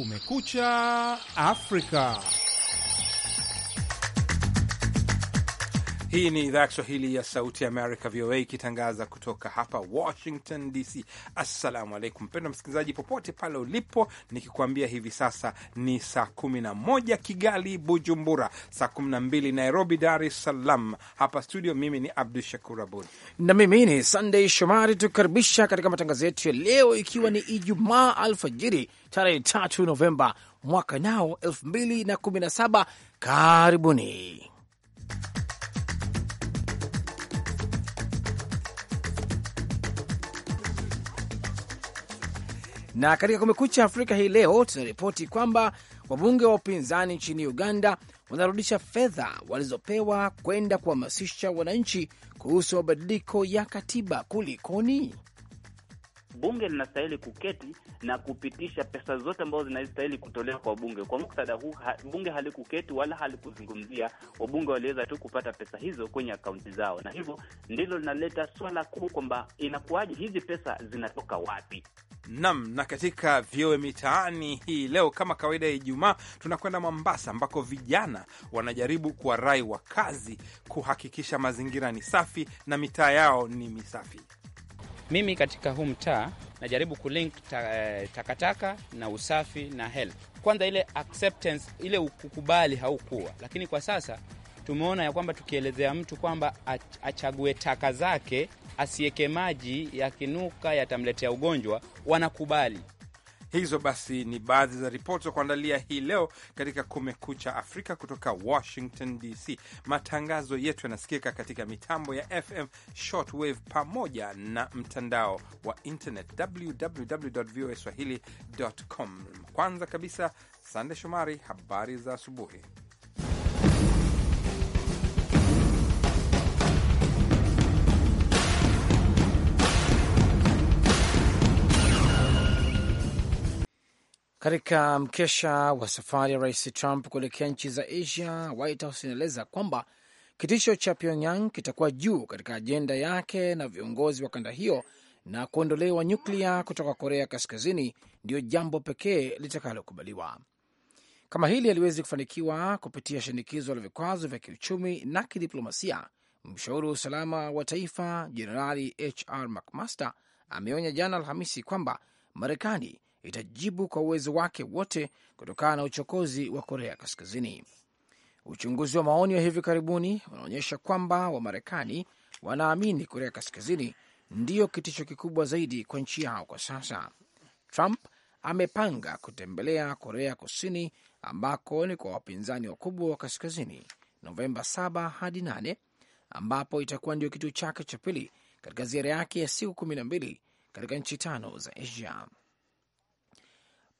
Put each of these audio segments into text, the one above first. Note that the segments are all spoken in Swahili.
Kumekucha Afrika. Hii ni idhaa ya Kiswahili ya Sauti Amerika, VOA, ikitangaza kutoka hapa Washington DC. Assalamu alaikum, mpendwa msikilizaji, popote pale ulipo, nikikuambia hivi sasa ni saa 11 Kigali, Bujumbura, saa 12 Nairobi, Dar es Salaam. Hapa studio, mimi ni Abdu Shakur Abud na mimi ni Sandey Shomari, tukikaribisha katika matangazo yetu ya leo, ikiwa ni Ijumaa alfajiri tarehe tatu Novemba mwaka nao elfu mbili na kumi na saba. Karibuni. Na katika Kumekucha Afrika hii leo tunaripoti kwamba wabunge wa upinzani nchini Uganda wanarudisha fedha walizopewa kwenda kuhamasisha wananchi kuhusu mabadiliko ya katiba. Kulikoni? bunge linastahili kuketi na kupitisha pesa zote ambazo zinastahili kutolewa kwa bunge. Kwa muktadha huu ha, bunge halikuketi wala halikuzungumzia, wabunge waliweza tu kupata pesa hizo kwenye akaunti zao, na hivyo ndilo linaleta swala kuu kwamba inakuwaje hizi pesa zinatoka wapi? Nam na katika vyowe mitaani hii leo, kama kawaida ya Ijumaa, tunakwenda Mombasa ambako vijana wanajaribu kuwarai wakazi kuhakikisha mazingira ni safi na mitaa yao ni misafi. Mimi katika huu mtaa najaribu kulink takataka ta, eh, takataka na usafi na health. Kwanza ile acceptance, ile ukukubali haukuwa, lakini kwa sasa tumeona ya kwamba tukielezea mtu kwamba achague taka zake asieke maji yakinuka yatamletea ugonjwa, wanakubali. Hizo basi ni baadhi za ripoti za kuandalia hii leo katika Kumekucha Afrika kutoka Washington DC. Matangazo yetu yanasikika katika mitambo ya FM, shortwave pamoja na mtandao wa internet www voa swahili com. Kwanza kabisa, Sande Shomari, habari za asubuhi. Katika mkesha wa safari ya rais Trump kuelekea nchi za Asia, White House inaeleza kwamba kitisho cha Pyongyang kitakuwa juu katika ajenda yake na viongozi wa kanda hiyo, na kuondolewa nyuklia kutoka Korea Kaskazini ndiyo jambo pekee litakalokubaliwa. Kama hili haliwezi kufanikiwa kupitia shinikizo la vikwazo vya kiuchumi na kidiplomasia, mshauri wa usalama wa taifa Jenerali HR McMaster ameonya jana Alhamisi kwamba Marekani itajibu kwa uwezo wake wote kutokana na uchokozi wa Korea Kaskazini. Uchunguzi wa maoni wa hivi karibuni unaonyesha kwamba Wamarekani wanaamini Korea Kaskazini ndiyo kitisho kikubwa zaidi kwa nchi yao kwa sasa. Trump amepanga kutembelea Korea Kusini ambako ni kwa wapinzani wakubwa wa Kaskazini Novemba 7 hadi 8, ambapo itakuwa ndio kituo chake cha pili katika ziara yake ya siku kumi na mbili katika nchi tano za Asia.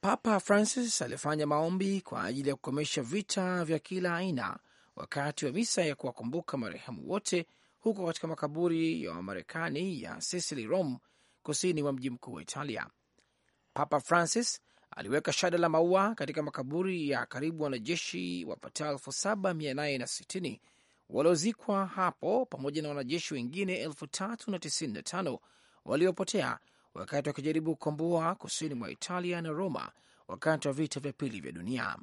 Papa Francis alifanya maombi kwa ajili ya kukomesha vita vya kila aina wakati wa misa ya kuwakumbuka marehemu wote huko katika makaburi ya Wamarekani ya Sicily, Rome, kusini mwa mji mkuu wa Italia. Papa Francis aliweka shada la maua katika makaburi ya karibu wanajeshi wapatao 7860 waliozikwa hapo pamoja na wanajeshi wengine 3095 waliopotea wakati wakijaribu kukomboa kusini mwa Italia na Roma wakati wa vita vya pili vya dunia.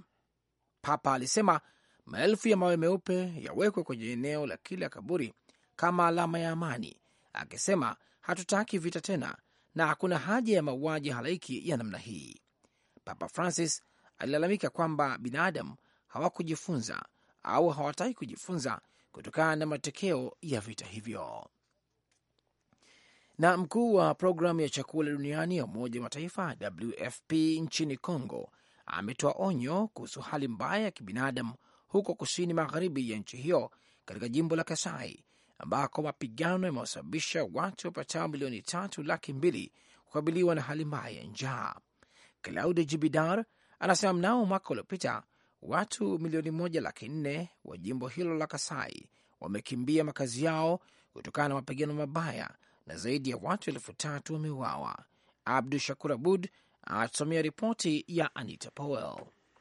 Papa alisema maelfu ya mawe meupe yawekwe kwenye eneo la kila kaburi kama alama ya amani, akisema hatutaki vita tena na hakuna haja ya mauaji halaiki ya namna hii. Papa Francis alilalamika kwamba binadamu hawakujifunza au hawataki kujifunza kutokana na matokeo ya vita hivyo. Na mkuu wa programu ya chakula duniani ya Umoja wa Mataifa WFP nchini Congo ametoa onyo kuhusu hali mbaya ya kibinadamu huko kusini magharibi ya nchi hiyo katika jimbo la Kasai ambako mapigano yamewasababisha watu wapatao milioni tatu laki mbili kukabiliwa na hali mbaya ya njaa. Claude Jibidar anasema mnao mwaka uliopita watu milioni moja laki nne wa jimbo hilo la Kasai wamekimbia makazi yao kutokana na mapigano mabaya na zaidi ya watu elfu tatu wameuawa. Abdu Shakur Abud atusomea ripoti ya Anita Powell.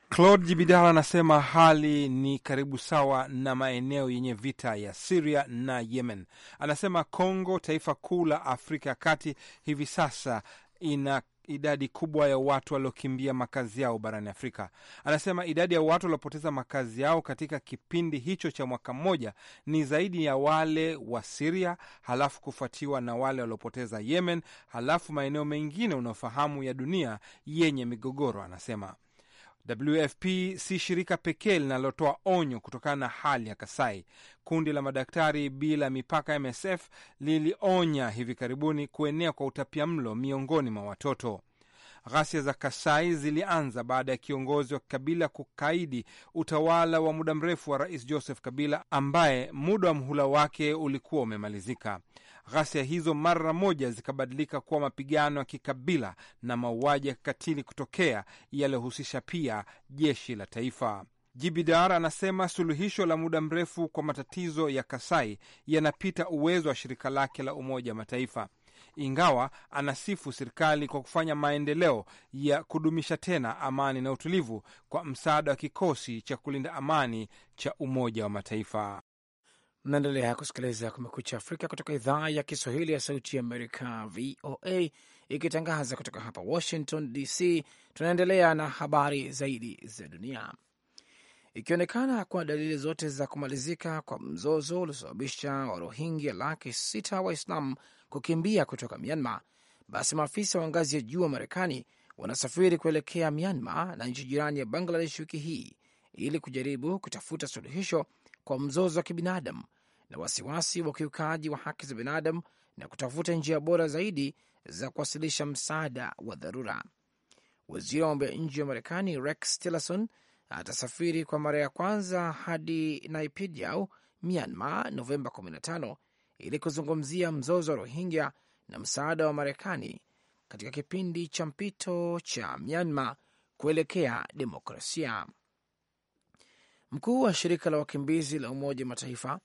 Claude jibidal anasema hali ni karibu sawa na maeneo yenye vita ya Siria na Yemen. Anasema Kongo, taifa kuu la Afrika ya Kati, hivi sasa ina idadi kubwa ya watu waliokimbia makazi yao barani Afrika. Anasema idadi ya watu waliopoteza makazi yao katika kipindi hicho cha mwaka mmoja ni zaidi ya wale wa Siria, halafu kufuatiwa na wale waliopoteza Yemen, halafu maeneo mengine unaofahamu ya dunia yenye migogoro, anasema. WFP si shirika pekee linalotoa onyo kutokana na hali ya Kasai. Kundi la madaktari bila mipaka MSF lilionya hivi karibuni kuenea kwa utapia mlo miongoni mwa watoto. Ghasia za Kasai zilianza baada ya kiongozi wa kikabila kukaidi utawala wa muda mrefu wa Rais Joseph Kabila ambaye muda wa mhula wake ulikuwa umemalizika. Ghasia hizo mara moja zikabadilika kuwa mapigano ya kikabila na mauaji ya kikatili kutokea yaliyohusisha pia jeshi la taifa. Jibidar anasema suluhisho la muda mrefu kwa matatizo ya Kasai yanapita uwezo wa shirika lake la Umoja Mataifa ingawa anasifu serikali kwa kufanya maendeleo ya kudumisha tena amani na utulivu kwa msaada wa kikosi cha kulinda amani cha Umoja wa Mataifa. Mnaendelea kusikiliza Kumekucha Afrika kutoka idhaa ya Kiswahili ya Sauti ya Amerika, VOA, ikitangaza kutoka hapa Washington DC. Tunaendelea na habari zaidi za dunia. Ikionekana kuna dalili zote za kumalizika kwa mzozo uliosababisha Warohingya laki sita Waislamu kukimbia kutoka Myanmar, basi maafisa wa ngazi ya juu wa Marekani wanasafiri kuelekea Myanmar na nchi jirani ya Bangladesh wiki hii ili kujaribu kutafuta suluhisho kwa mzozo wa kibinadamu na wasiwasi wa ukiukaji wa haki za binadamu na kutafuta njia bora zaidi za kuwasilisha msaada wa dharura. Waziri wa mambo ya nje wa Marekani Rex Tillerson atasafiri kwa mara ya kwanza hadi Naipidiau, Myanmar, Novemba 15 ili kuzungumzia mzozo wa Rohingya na msaada wa Marekani katika kipindi cha mpito cha Myanmar kuelekea demokrasia. Mkuu wa shirika la wakimbizi la Umoja wa Mataifa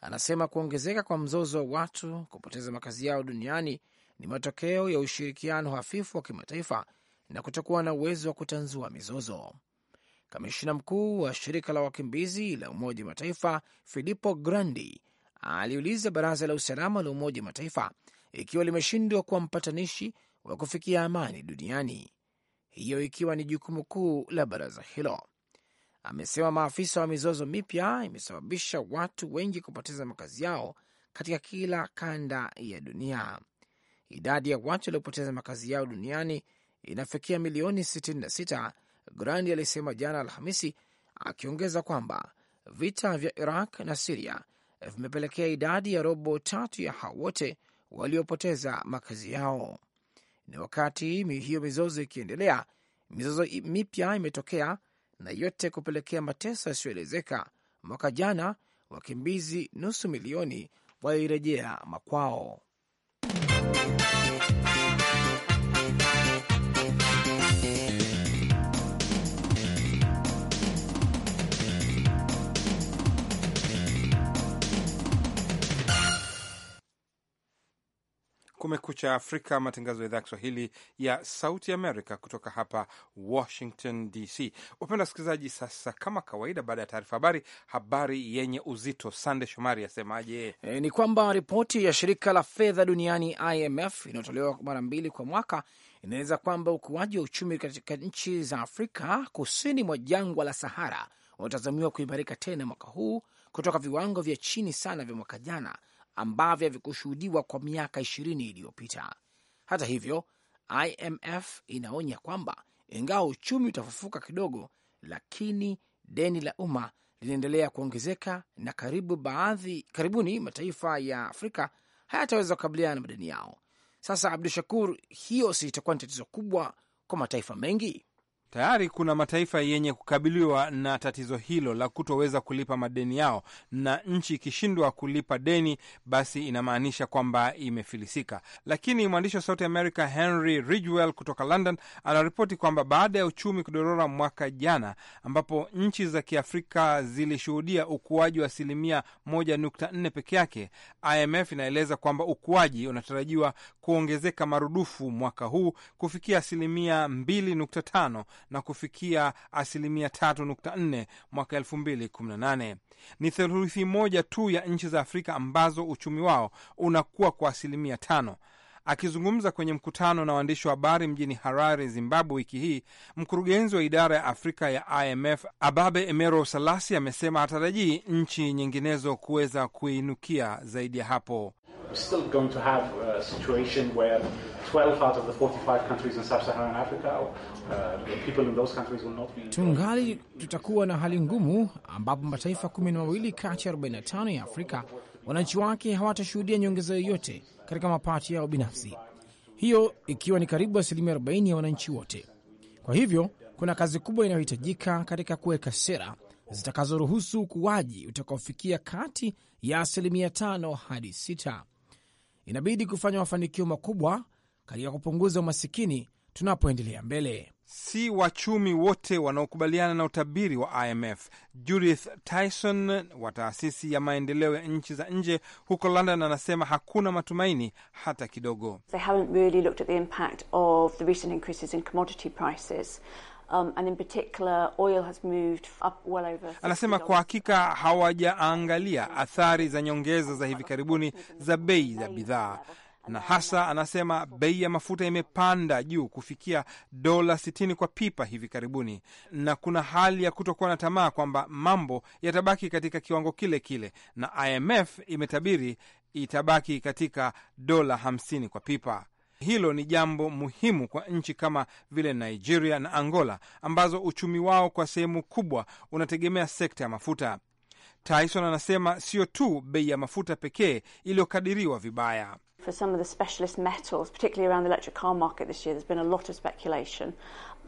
anasema kuongezeka kwa mzozo wa watu kupoteza makazi yao duniani ni matokeo ya ushirikiano hafifu wa kimataifa na kutokuwa na uwezo wa kutanzua mizozo. Kamishina mkuu wa shirika la wakimbizi la Umoja wa Mataifa Filippo Grandi aliuliza baraza la usalama la Umoja wa Mataifa ikiwa limeshindwa kuwa mpatanishi wa kufikia amani duniani, hiyo ikiwa ni jukumu kuu la baraza hilo. Amesema maafisa wa mizozo mipya imesababisha watu wengi kupoteza makazi yao katika kila kanda ya dunia. Idadi ya watu waliopoteza makazi yao duniani inafikia milioni 66, Grandi alisema jana Alhamisi, akiongeza kwamba vita vya Iraq na Siria Eh, vimepelekea idadi ya robo tatu ya hao wote waliopoteza makazi yao. Na wakati hiyo mizozo ikiendelea, mizozo mipya imetokea na yote kupelekea mateso yasiyoelezeka. Mwaka jana wakimbizi nusu milioni walirejea makwao. Kumekucha Afrika, matangazo ya idhaa ya Kiswahili ya Sauti Amerika kutoka hapa Washington DC. Wapenda wasikilizaji, sasa kama kawaida, baada ya taarifa habari, habari yenye uzito. Sande Shomari asemaje? E, ni kwamba ripoti ya shirika la fedha duniani IMF inayotolewa mara mbili kwa mwaka inaeleza kwamba ukuaji wa uchumi katika nchi za Afrika kusini mwa jangwa la Sahara unatazamiwa kuimarika tena mwaka huu kutoka viwango vya chini sana vya mwaka jana ambavyo havikushuhudiwa kwa miaka ishirini iliyopita. Hata hivyo, IMF inaonya kwamba ingawa uchumi utafufuka kidogo, lakini deni la umma linaendelea kuongezeka na karibu baadhi, karibuni mataifa ya Afrika hayataweza kukabiliana na madeni yao. Sasa Abdu Shakur, hiyo si itakuwa ni tatizo kubwa kwa mataifa mengi? Tayari kuna mataifa yenye kukabiliwa na tatizo hilo la kutoweza kulipa madeni yao, na nchi ikishindwa kulipa deni, basi inamaanisha kwamba imefilisika. Lakini mwandishi wa Sauti America Henry Ridgwell kutoka London anaripoti kwamba baada ya uchumi kudorora mwaka jana, ambapo nchi za Kiafrika zilishuhudia ukuaji wa asilimia 1.4 peke yake, IMF inaeleza kwamba ukuaji unatarajiwa kuongezeka marudufu mwaka huu kufikia asilimia 2.5 na kufikia asilimia 3.4 mwaka 2018. Ni theluthi moja tu ya nchi za Afrika ambazo uchumi wao unakuwa kwa asilimia tano. Akizungumza kwenye mkutano na waandishi wa habari mjini Harare, Zimbabwe, wiki hii, mkurugenzi wa idara ya Afrika ya IMF Ababe Emero Salasi amesema hatarajii nchi nyinginezo kuweza kuinukia zaidi ya hapo. Uh, tungali tutakuwa na hali ngumu ambapo mataifa kumi na mawili kati ya 45 ya Afrika wananchi wake hawatashuhudia nyongeza yoyote katika mapato yao binafsi, hiyo ikiwa ni karibu asilimia 40 ya wananchi wote. Kwa hivyo kuna kazi kubwa inayohitajika katika kuweka sera zitakazoruhusu ukuaji utakaofikia kati ya asilimia 5 hadi 6. Inabidi kufanya mafanikio makubwa katika kupunguza umasikini tunapoendelea mbele. Si wachumi wote wanaokubaliana na utabiri wa IMF. Judith Tyson wa taasisi ya maendeleo ya nchi za nje huko London anasema hakuna matumaini hata kidogo. They haven't really looked at the impact of the recent increases in commodity prices. Um, and in particular, oil has moved up well over. Anasema kwa hakika hawajaangalia athari za nyongeza za hivi karibuni za bei za bidhaa na hasa anasema bei ya mafuta imepanda juu kufikia dola 60 kwa pipa hivi karibuni, na kuna hali ya kutokuwa na tamaa kwamba mambo yatabaki katika kiwango kile kile, na IMF imetabiri itabaki katika dola 50 kwa pipa. Hilo ni jambo muhimu kwa nchi kama vile Nigeria na Angola ambazo uchumi wao kwa sehemu kubwa unategemea sekta ya mafuta. Tyson anasema sio tu bei ya mafuta pekee iliyokadiriwa vibaya for some of the specialist metals, particularly around the electric car market this year. There's been a lot of speculation.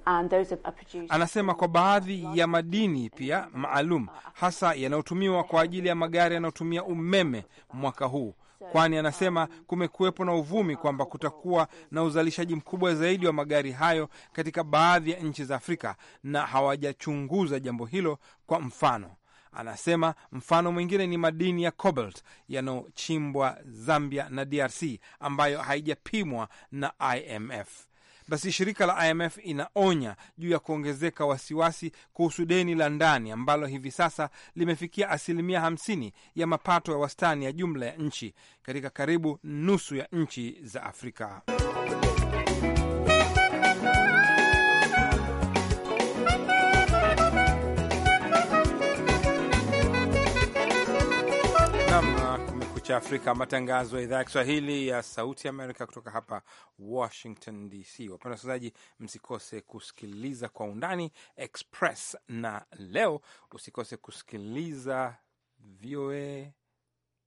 And those are produced... Anasema kwa baadhi ya madini pia maalum hasa yanayotumiwa kwa ajili ya magari yanayotumia umeme mwaka huu kwani anasema kumekuwepo na uvumi kwamba kutakuwa na uzalishaji mkubwa zaidi wa magari hayo katika baadhi ya nchi za Afrika na hawajachunguza jambo hilo kwa mfano. Anasema mfano mwingine ni madini ya cobalt yanayochimbwa Zambia na DRC ambayo haijapimwa na IMF. Basi shirika la IMF inaonya juu ya kuongezeka wasiwasi kuhusu deni la ndani ambalo hivi sasa limefikia asilimia 50 ya mapato ya wastani ya jumla ya nchi katika karibu nusu ya nchi za Afrika. Kumekucha Afrika, matangazo ya idhaa ya Kiswahili ya Sauti ya Amerika kutoka hapa Washington DC. Wapenda wasikilizaji, msikose kusikiliza kwa undani Express na leo usikose kusikiliza VOA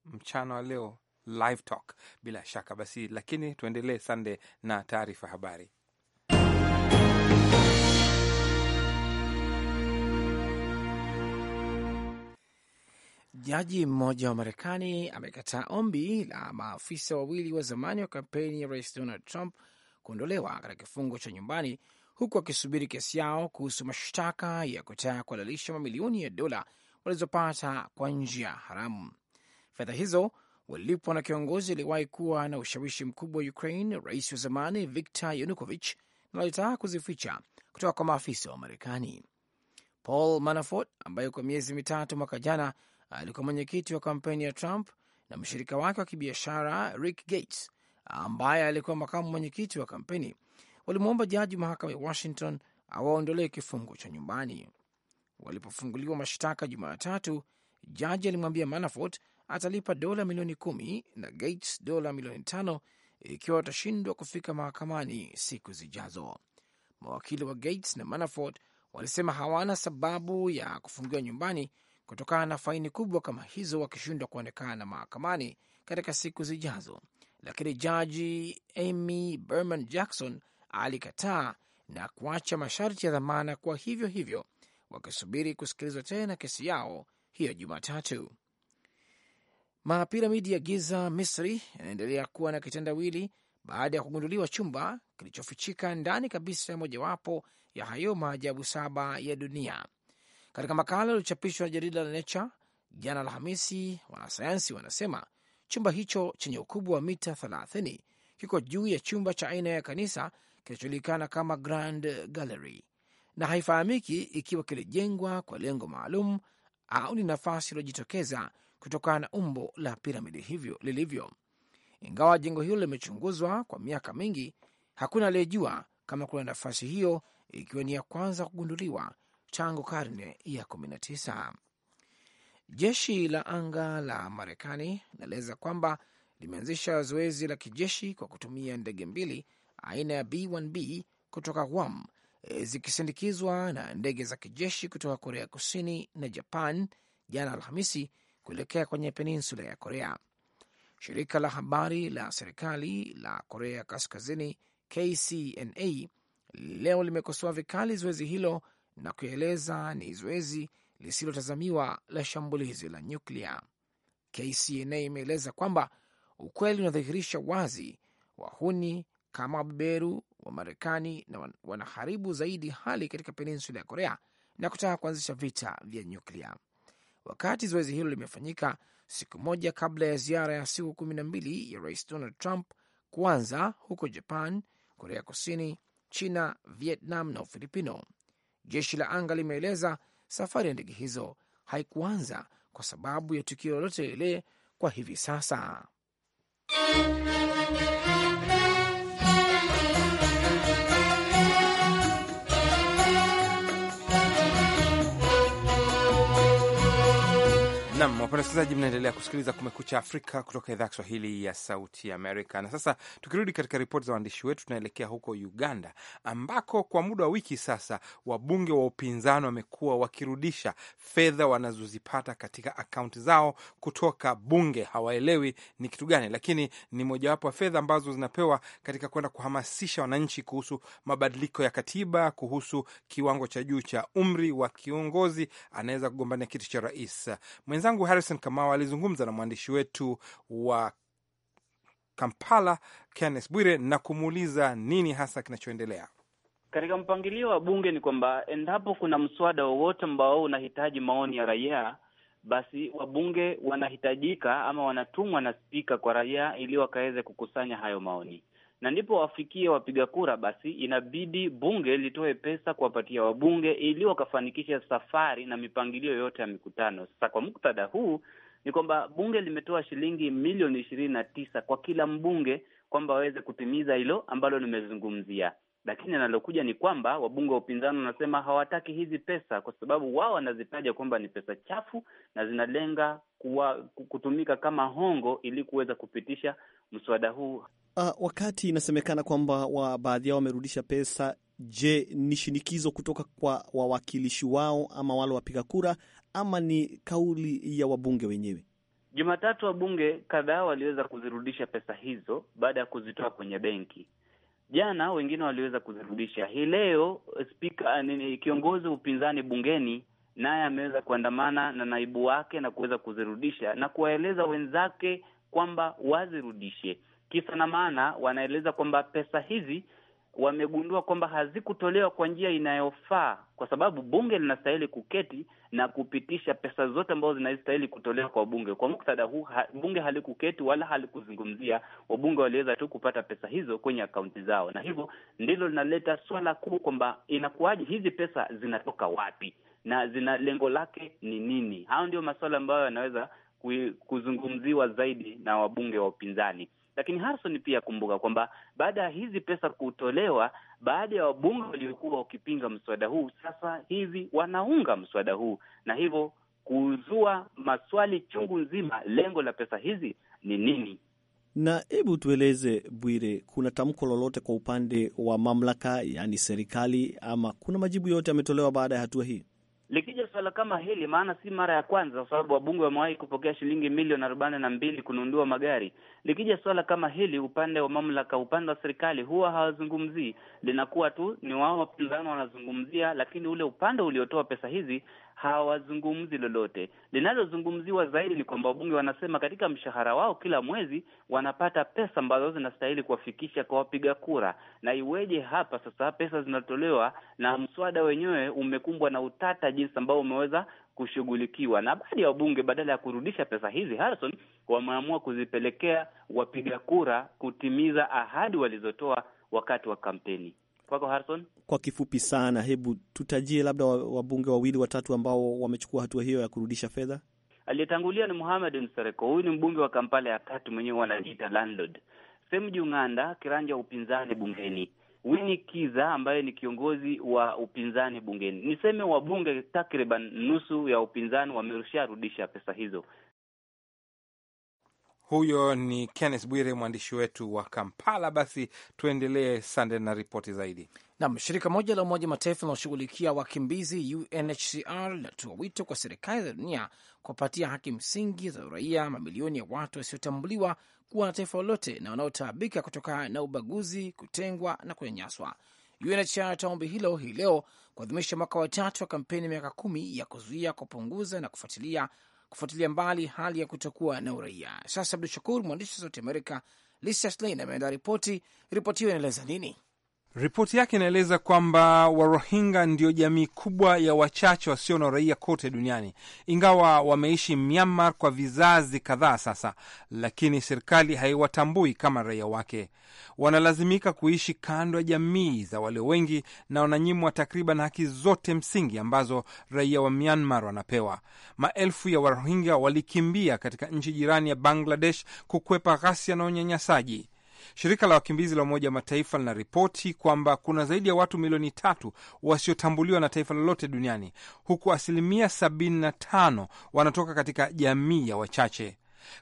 mchana wa leo Live Talk bila shaka. Basi lakini tuendelee sande na taarifa habari. Jaji mmoja wa Marekani amekataa ombi la maafisa wawili wa zamani wa kampeni ya rais Donald Trump kuondolewa katika kifungo cha nyumbani huku akisubiri kesi yao kuhusu mashtaka ya kutaka kuhalalisha mamilioni ya dola walizopata kwa njia haramu. Fedha hizo walilipwa na kiongozi aliyewahi kuwa na ushawishi mkubwa wa Ukraine, rais wa zamani Viktor Yanukovich, na walitaka kuzificha kutoka kwa maafisa wa Marekani. Paul Manafort ambaye kwa miezi mitatu mwaka jana alikuwa mwenyekiti wa kampeni ya Trump na mshirika wake wa kibiashara Rick Gates ambaye alikuwa makamu mwenyekiti wa kampeni walimwomba jaji mahakama ya Washington awaondolee kifungo cha nyumbani. Walipofunguliwa mashtaka Jumatatu, jaji alimwambia Manafort atalipa dola milioni kumi na Gates dola milioni tano ikiwa watashindwa kufika mahakamani siku zijazo. Mawakili wa Gates na Manafort walisema hawana sababu ya kufungiwa nyumbani kutokana na faini kubwa kama hizo wakishindwa kuonekana mahakamani katika siku zijazo, lakini jaji Amy Berman Jackson alikataa na kuacha masharti ya dhamana kwa hivyo hivyo, wakisubiri kusikilizwa tena kesi yao hiyo Jumatatu. Mapiramidi ya Giza Misri yanaendelea kuwa na kitendawili baada ya kugunduliwa chumba kilichofichika ndani kabisa ya mojawapo ya hayo maajabu saba ya dunia katika makala iliyochapishwa na jarida la Nature jana Alhamisi, wanasayansi wanasema chumba hicho chenye ukubwa wa mita 30 kiko juu ya chumba cha aina ya kanisa kinachojulikana kama Grand Gallery, na haifahamiki ikiwa kilijengwa kwa lengo maalum au ni nafasi iliyojitokeza kutokana na umbo la piramidi hivyo lilivyo. Ingawa jengo hilo limechunguzwa kwa miaka mingi, hakuna aliyejua kama kuna nafasi hiyo ikiwa ni ya kwanza kugunduliwa tangu karne ya 19. Jeshi la anga la Marekani linaeleza kwamba limeanzisha zoezi la kijeshi kwa kutumia ndege mbili aina ya B1B kutoka Guam e, zikisindikizwa na ndege za kijeshi kutoka Korea Kusini na Japan jana Alhamisi kuelekea kwenye peninsula ya Korea. Shirika la habari la serikali la Korea Kaskazini KCNA leo limekosoa vikali zoezi hilo na kueleza ni zoezi lisilotazamiwa la shambulizi la nyuklia. KCNA imeeleza kwamba ukweli unadhihirisha wazi wahuni kama wabeberu wa Marekani na wanaharibu zaidi hali katika peninsula ya Korea na kutaka kuanzisha vita vya nyuklia. Wakati zoezi hilo limefanyika siku moja kabla ya ziara ya siku kumi na mbili ya Rais Donald Trump kuanza huko Japan, Korea Kusini, China, Vietnam na Ufilipino, Jeshi la anga limeeleza safari ya ndege hizo haikuanza kwa sababu ya tukio lolote lile kwa hivi sasa. Nam wapenda wasikilizaji, mnaendelea kusikiliza Kumekucha Afrika kutoka idhaa ya Kiswahili ya Sauti ya Amerika. Na sasa tukirudi katika ripoti za waandishi wetu, tunaelekea huko Uganda ambako kwa muda wa wiki sasa wabunge wa upinzani wamekuwa wakirudisha fedha wanazozipata katika akaunti zao kutoka bunge. Hawaelewi ni kitu gani, lakini ni mojawapo ya fedha ambazo zinapewa katika kwenda kuhamasisha wananchi kuhusu mabadiliko ya katiba, kuhusu kiwango cha juu cha umri wa kiongozi anaweza kugombania kiti cha rais. Mwenzangu mwenzangu Harrison Kamau alizungumza na mwandishi wetu wa Kampala Kenneth Bwire na kumuuliza nini hasa kinachoendelea. Katika mpangilio wa bunge ni kwamba endapo kuna mswada wowote ambao unahitaji maoni ya raia, basi wabunge wanahitajika ama wanatumwa na spika kwa raia ili wakaweze kukusanya hayo maoni na ndipo wafikie wapiga kura, basi inabidi bunge litoe pesa kuwapatia wabunge ili wakafanikisha safari na mipangilio yote ya mikutano. Sasa kwa muktadha huu ni kwamba bunge limetoa shilingi milioni ishirini na tisa kwa kila mbunge kwamba waweze kutimiza hilo ambalo nimezungumzia lakini analokuja ni kwamba wabunge wa upinzani wanasema hawataki hizi pesa, kwa sababu wao wanazitaja kwamba ni pesa chafu na zinalenga kuwa, kutumika kama hongo ili kuweza kupitisha mswada huu. Uh, wakati inasemekana kwamba wa baadhi yao wamerudisha pesa, je, ni shinikizo kutoka kwa wawakilishi wao ama wale wapiga kura ama ni kauli ya wabunge wenyewe? Jumatatu wabunge kadhaa waliweza kuzirudisha pesa hizo baada ya kuzitoa kwenye benki Jana wengine waliweza kuzirudisha. Hii leo eh, spika, eh, kiongozi wa upinzani bungeni naye ameweza kuandamana na naibu wake na kuweza kuzirudisha na kuwaeleza wenzake kwamba wazirudishe. Kisa na maana, wanaeleza kwamba pesa hizi wamegundua kwamba hazikutolewa kwa njia inayofaa, kwa sababu bunge linastahili kuketi na kupitisha pesa zote ambazo zinastahili kutolewa kwa bunge Kwa muktadha huu ha, bunge halikuketi wala halikuzungumzia, wabunge waliweza tu kupata pesa hizo kwenye akaunti zao, na hivyo ndilo linaleta swala kuu kwamba inakuwaje hizi pesa zinatoka wapi na zina lengo lake ni nini? Hayo ndio masuala ambayo yanaweza kuzungumziwa zaidi na wabunge wa upinzani. Lakini Harrison, pia kumbuka kwamba baada ya hizi pesa kutolewa baadhi ya wabunge waliokuwa wakipinga mswada huu sasa hivi wanaunga mswada huu na hivyo kuzua maswali chungu nzima, lengo la pesa hizi ni nini? Na hebu tueleze Bwire, kuna tamko lolote kwa upande wa mamlaka, yaani serikali, ama kuna majibu yote yametolewa baada ya hatua hii? Likija suala kama hili, maana si mara ya kwanza, kwa sababu wabunge wamewahi kupokea shilingi milioni arobaini na mbili kununua magari. Likija suala kama hili, upande wa mamlaka, upande wa serikali huwa hawazungumzii, linakuwa tu ni wao wapinzani wanazungumzia, lakini ule upande uliotoa pesa hizi hawazungumzi lolote. Linalozungumziwa zaidi ni kwamba wabunge wanasema katika mshahara wao kila mwezi wanapata pesa ambazo zinastahili kuwafikisha kwa wapiga kura, na iweje hapa sasa pesa zinatolewa na mswada wenyewe umekumbwa na utata jinsi ambao umeweza kushughulikiwa na baadhi ya wabunge, badala ya kurudisha pesa hizi Harrison, wameamua kuzipelekea wapiga kura kutimiza ahadi walizotoa wakati wa kampeni. Kwako Harrison. Kwa kifupi sana, hebu tutajie labda wabunge wawili watatu ambao wamechukua hatua hiyo ya kurudisha fedha. Aliyetangulia ni muhamed Msereko, huyu ni mbunge wa Kampala ya tatu, mwenyewe wanajiita landlord. Sehemu Ng'anda, kiranja wa upinzani bungeni, wini Kiza ambaye ni kiongozi wa upinzani bungeni. Niseme wabunge takriban nusu ya upinzani wamesharudisha pesa hizo, huyo ni Kenneth Bwire, mwandishi wetu wa Kampala. Basi tuendelee sande na ripoti zaidi. Nam, shirika moja la Umoja Mataifa linaloshughulikia wakimbizi UNHCR linatoa wito kwa serikali za dunia kuwapatia haki msingi za uraia mamilioni ya watu wasiotambuliwa kuwa na taifa lolote na wanaotaabika kutokana na ubaguzi, kutengwa na kunyanyaswa. UNHCR ta ombi hilo hii leo kuadhimisha mwaka watatu wa kampeni ya miaka kumi ya kuzuia, kupunguza na kufuatilia kufuatilia mbali hali ya kutokuwa na uraia. Sasa Abdu Shakur, mwandishi wa Sauti Amerika Lisa Schlein ameandaa ripoti. Ripoti hiyo inaeleza nini? Ripoti yake inaeleza kwamba Warohinga ndio jamii kubwa ya wachache wasio na uraia kote duniani, ingawa wameishi Myanmar kwa vizazi kadhaa sasa, lakini serikali haiwatambui kama raia wake. Wanalazimika kuishi kando ya jamii za walio wengi na wananyimwa takriban haki zote msingi ambazo raia wa Myanmar wanapewa. Maelfu ya Warohinga walikimbia katika nchi jirani ya Bangladesh kukwepa ghasia na unyanyasaji. Shirika la wakimbizi la Umoja wa Mataifa linaripoti kwamba kuna zaidi ya watu milioni tatu wasiotambuliwa na taifa lolote duniani, huku asilimia 75 wanatoka katika jamii ya wachache.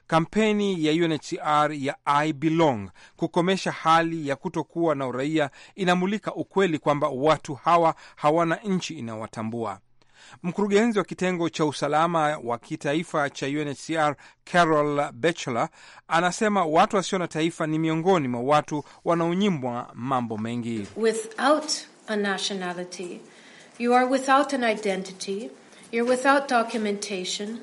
Kampeni ya UNHCR ya I Belong kukomesha hali ya kutokuwa na uraia inamulika ukweli kwamba watu hawa hawana nchi inayowatambua. Mkurugenzi wa kitengo cha usalama wa kitaifa cha UNHCR Carol Batchelor anasema watu wasio na taifa ni miongoni mwa watu wanaonyimbwa mambo mengi. Without a nationality you are without an identity you're without documentation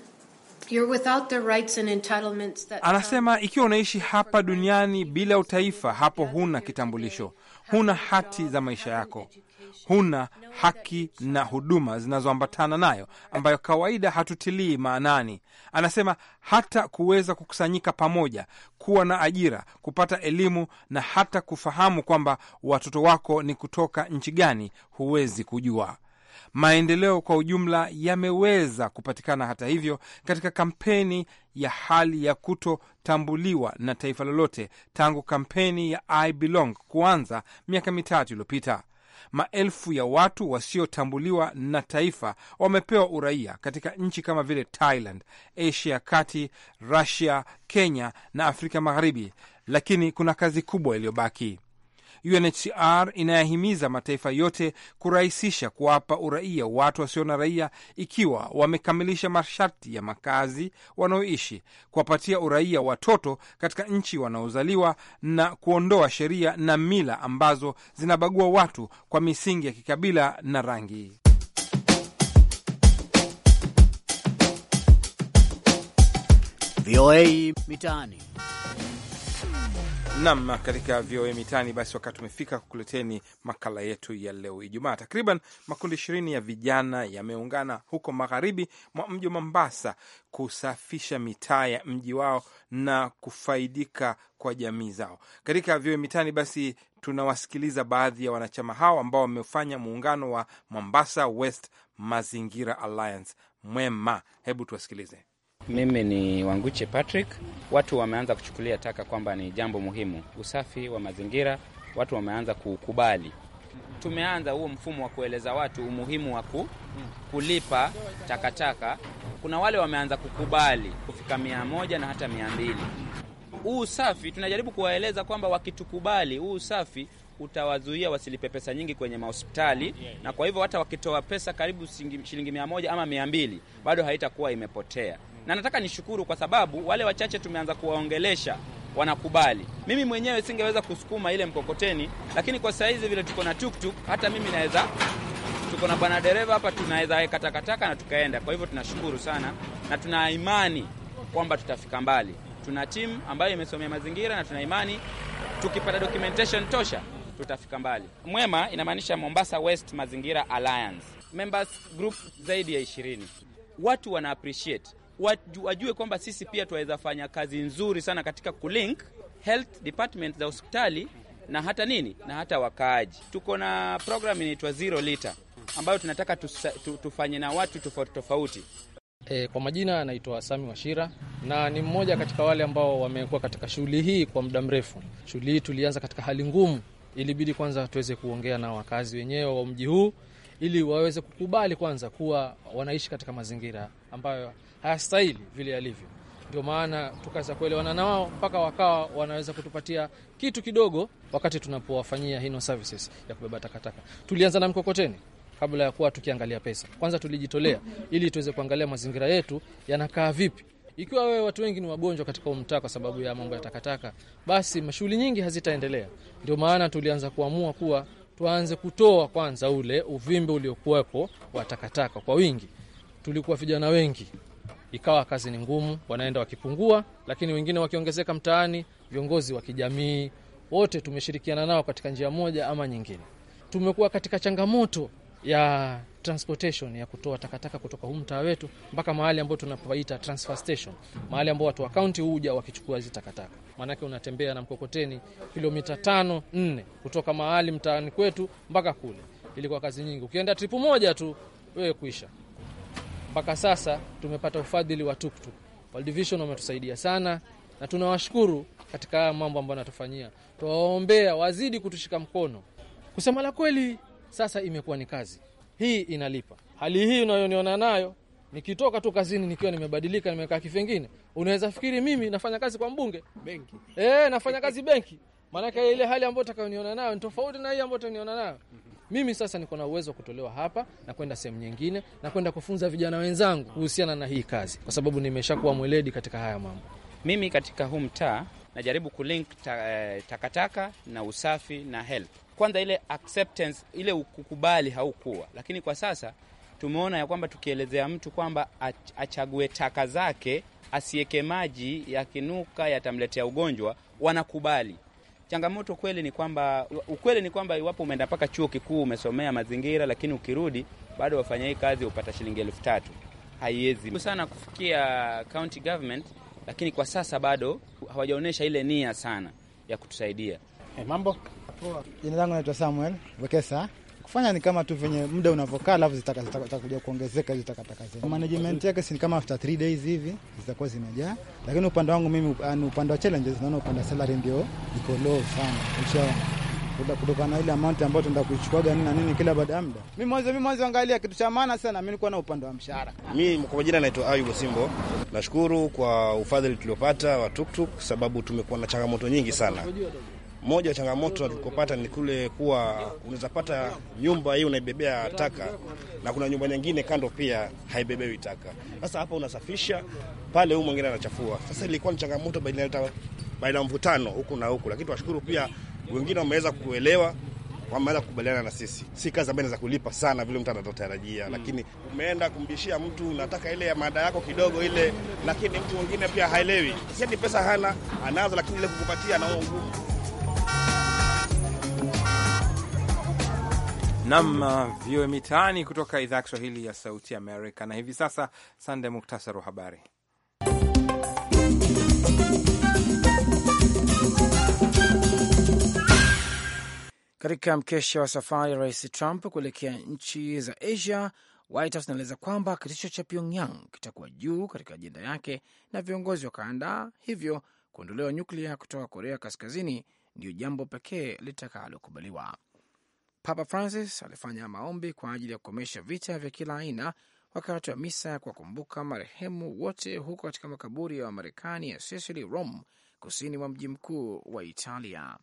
You're without the rights and entitlements that... Anasema ikiwa unaishi hapa duniani bila utaifa, hapo huna kitambulisho, huna hati za maisha yako, huna haki na huduma zinazoambatana nayo, ambayo kawaida hatutilii maanani. Anasema hata kuweza kukusanyika pamoja, kuwa na ajira, kupata elimu na hata kufahamu kwamba watoto wako ni kutoka nchi gani, huwezi kujua. Maendeleo kwa ujumla yameweza kupatikana, hata hivyo, katika kampeni ya hali ya kutotambuliwa na taifa lolote tangu kampeni ya I Belong kuanza miaka mitatu iliyopita maelfu ya watu wasiotambuliwa na taifa wamepewa uraia katika nchi kama vile Thailand, Asia ya Kati, Rusia, Kenya na Afrika Magharibi, lakini kuna kazi kubwa iliyobaki. UNHCR inayahimiza mataifa yote kurahisisha kuwapa uraia watu wasio na raia ikiwa wamekamilisha masharti ya makazi wanaoishi, kuwapatia uraia watoto katika nchi wanaozaliwa na kuondoa sheria na mila ambazo zinabagua watu kwa misingi ya kikabila na rangi. VOA Mitaani. Nam katika VOA Mitaani. Basi wakati umefika kukuleteni makala yetu ya leo Ijumaa. Takriban makundi ishirini ya vijana yameungana huko magharibi mwa mji wa Mombasa kusafisha mitaa ya mji wao na kufaidika kwa jamii zao. Katika VOA Mitaani basi tunawasikiliza baadhi ya wanachama hao ambao wamefanya muungano wa Mombasa West Mazingira Alliance, Mwema. Hebu tuwasikilize. Mimi ni Wanguche Patrick. Watu wameanza kuchukulia taka kwamba ni jambo muhimu, usafi wa mazingira, watu wameanza kukubali. Tumeanza huo mfumo wa kueleza watu umuhimu wa kulipa takataka. Kuna wale wameanza kukubali kufika mia moja na hata mia mbili. Huu usafi tunajaribu kuwaeleza kwamba wakitukubali, huu usafi utawazuia wasilipe pesa nyingi kwenye mahospitali, na kwa hivyo hata wakitoa pesa karibu shilingi mia moja ama mia mbili, bado haitakuwa imepotea na nataka nishukuru kwa sababu wale wachache tumeanza kuwaongelesha wanakubali. Mimi mwenyewe singeweza kusukuma ile mkokoteni, lakini kwa saizi vile tuko na tuktuk, hata mimi naweza, tuko na bwana dereva hapa, tunaweza weka takataka na tukaenda. Kwa hivyo tunashukuru sana na tuna imani kwamba tutafika mbali. Tuna timu ambayo imesomea mazingira na tuna imani tukipata documentation tosha tutafika mbali. Mwema inamaanisha Mombasa West Mazingira Alliance, members group zaidi ya ishirini. Watu wana appreciate wajue kwamba sisi pia tunaweza fanya kazi nzuri sana katika kulink health department za hospitali na hata nini na hata wakaaji. Tuko na program inaitwa zero liter ambayo tunataka tusa, tu, tufanye na watu tofauti tofauti. E, kwa majina anaitwa Sami Washira na ni mmoja katika wale ambao wamekuwa katika shughuli hii kwa muda mrefu. Shughuli hii tulianza katika hali ngumu, ilibidi kwanza tuweze kuongea na wakazi wenyewe wa mji huu ili waweze kukubali kwanza kuwa wanaishi katika mazingira ambayo hayastahili vile alivyo. Ndio maana tukaza kuelewana na wao mpaka wakawa wanaweza kutupatia kitu kidogo wakati tunapowafanyia hino services ya kubeba takataka. Tulianza na mkokoteni kabla ya kuwa tukiangalia pesa. Kwanza tulijitolea ili tuweze kuangalia mazingira yetu yanakaa vipi. Ikiwa wewe watu wengi ni wagonjwa katika umtaa kwa sababu ya mambo ya takataka, basi mashughuli nyingi hazitaendelea. Ndio maana tulianza kuamua kuwa tuanze kutoa kwanza ule uvimbe uliokuwepo wa takataka kwa wingi. Tulikuwa vijana wengi ikawa kazi ni ngumu, wanaenda wakipungua, lakini wengine wakiongezeka mtaani. Viongozi wa kijamii wote tumeshirikiana nao katika njia moja ama nyingine. Tumekuwa katika changamoto ya transportation ya kutoa takataka kutoka huu mtaa wetu mpaka mahali ambayo tunapaita transfer station, mahali ambao watu wa kaunti huja wakichukua hizi takataka. Maanake unatembea na mkokoteni kilomita tano nne kutoka mahali mtaani kwetu mpaka kule. Ilikuwa kazi nyingi, ukienda tripu moja tu wewe kuisha mpaka sasa tumepata ufadhili wa tuktuk. World Division wametusaidia sana na tunawashukuru katika haya mambo ambayo anatufanyia. Tuwaombea wazidi kutushika mkono. Kusema la kweli, sasa imekuwa ni kazi hii, inalipa. Hali hii unayoniona nayo nikitoka tu kazini nikiwa nimebadilika, nimekaa kifengine, unaweza fikiri mimi nafanya kazi kwa mbunge benki. E, nafanya kazi benki, maanake ile hali ambayo utakayoniona nayo ni tofauti na hii ambayo utaniona nayo. Mhm. Mimi sasa niko na uwezo wa kutolewa hapa na kwenda sehemu nyingine na kwenda kufunza vijana wenzangu kuhusiana na hii kazi, kwa sababu nimeshakuwa mweledi katika haya mambo. Mimi katika huu mtaa najaribu kulink eh, takataka taka, na usafi na health. Kwanza ile acceptance, ile ukukubali haukuwa, lakini kwa sasa tumeona ya kwamba tukielezea mtu kwamba achague taka zake asieke maji yakinuka yatamletea ugonjwa, wanakubali. Changamoto kweli ni kwamba ukweli ni kwamba iwapo umeenda mpaka chuo kikuu umesomea mazingira, lakini ukirudi bado wafanya hii kazi upata shilingi elfu tatu haiwezi sana kufikia county government, lakini kwa sasa bado hawajaonyesha ile nia sana ya kutusaidia. Hey, eh, mambo. Jina langu naitwa Samuel Wekesa kufanya ni kama tu venye muda unavyokaa, alafu zitakuja kuongezeka hizo takataka zenyewe. Management yake si kama after 3 days hivi zitakuwa zimejaa, lakini upande wangu mimi, ah, upande wa challenges, naona upande wa salary ndio iko low sana, ushaona kutokana na ile amount ambayo tunaenda kuichukua gani na nini kila baada ya muda. Mimi mwanzo mimi mwanzo angalia kitu cha maana sana, mimi nilikuwa na upande wa mshahara. Mimi kwa majina naitwa Ayubu Simbo. Nashukuru kwa ufadhili tuliopata wa tuktuk, sababu tumekuwa na changamoto nyingi sana moja ya changamoto tulikopata ni kule kuwa unaweza pata nyumba hii unaibebea taka na kuna nyumba nyingine kando pia haibebewi taka. Sasa hapa unasafisha pale, huyu mwingine anachafua. Sasa ilikuwa ni changamoto baina ya mvutano huku na huku, lakini tunashukuru pia wengine wameweza kuelewa wameweza kukubaliana na sisi. Si kazi ambayo inaweza kulipa sana vile mtu anatotarajia mm, lakini umeenda kumbishia mtu unataka ile ya mada yako kidogo ile, lakini mtu mwingine pia haelewi, si ni pesa hana anazo, lakini ile kukupatia na ngumu nam uh, vyoe mitaani kutoka idhaa ya Kiswahili ya Sauti Amerika. Na hivi sasa, Sande, muktasari wa habari. Katika mkesha wa safari ya rais Trump kuelekea nchi za Asia, White House inaeleza kwamba kitisho cha Pyongyang kitakuwa juu katika ajenda yake na viongozi wakaandaa hivyo kuondolewa nyuklia kutoka Korea Kaskazini ndiyo jambo pekee litakalokubaliwa. Papa Francis alifanya maombi kwa ajili ya kukomesha vita vya kila aina wakati wa misa ya kuwakumbuka marehemu wote huko katika makaburi ya Wamarekani ya Sicily, Rome, kusini mwa mji mkuu wa Italia.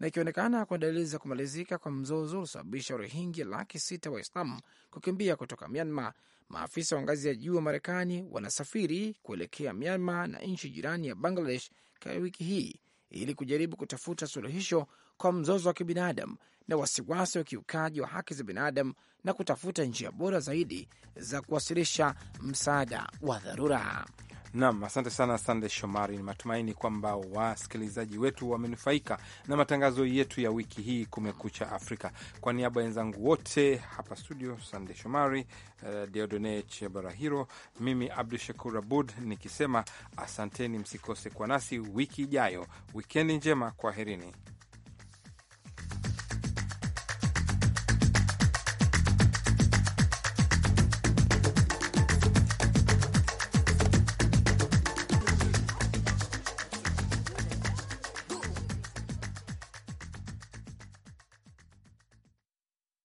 Na ikionekana kwa dalili za kumalizika kwa mzozo uliosababisha Rohingya laki sita Waislamu kukimbia kutoka Myanmar, maafisa wa ngazi ya juu wa Marekani wanasafiri kuelekea Myanmar na nchi jirani ya Bangladesh katika wiki hii ili kujaribu kutafuta suluhisho kwa mzozo wa kibinadamu na wasiwasi wa kiukaji wa haki za binadamu na kutafuta njia bora zaidi za kuwasilisha msaada wa dharura. Nam, asante sana Sande Shomari. Ni matumaini kwamba wasikilizaji wetu wamenufaika na matangazo yetu ya wiki hii Kumekucha Afrika. Kwa niaba ya wenzangu wote hapa studio, Sande Shomari, uh, Deodone Chebarahiro, mimi Abdu Shakur Abud nikisema asanteni, msikose kwa nasi wiki ijayo. Wikendi njema, kwaherini.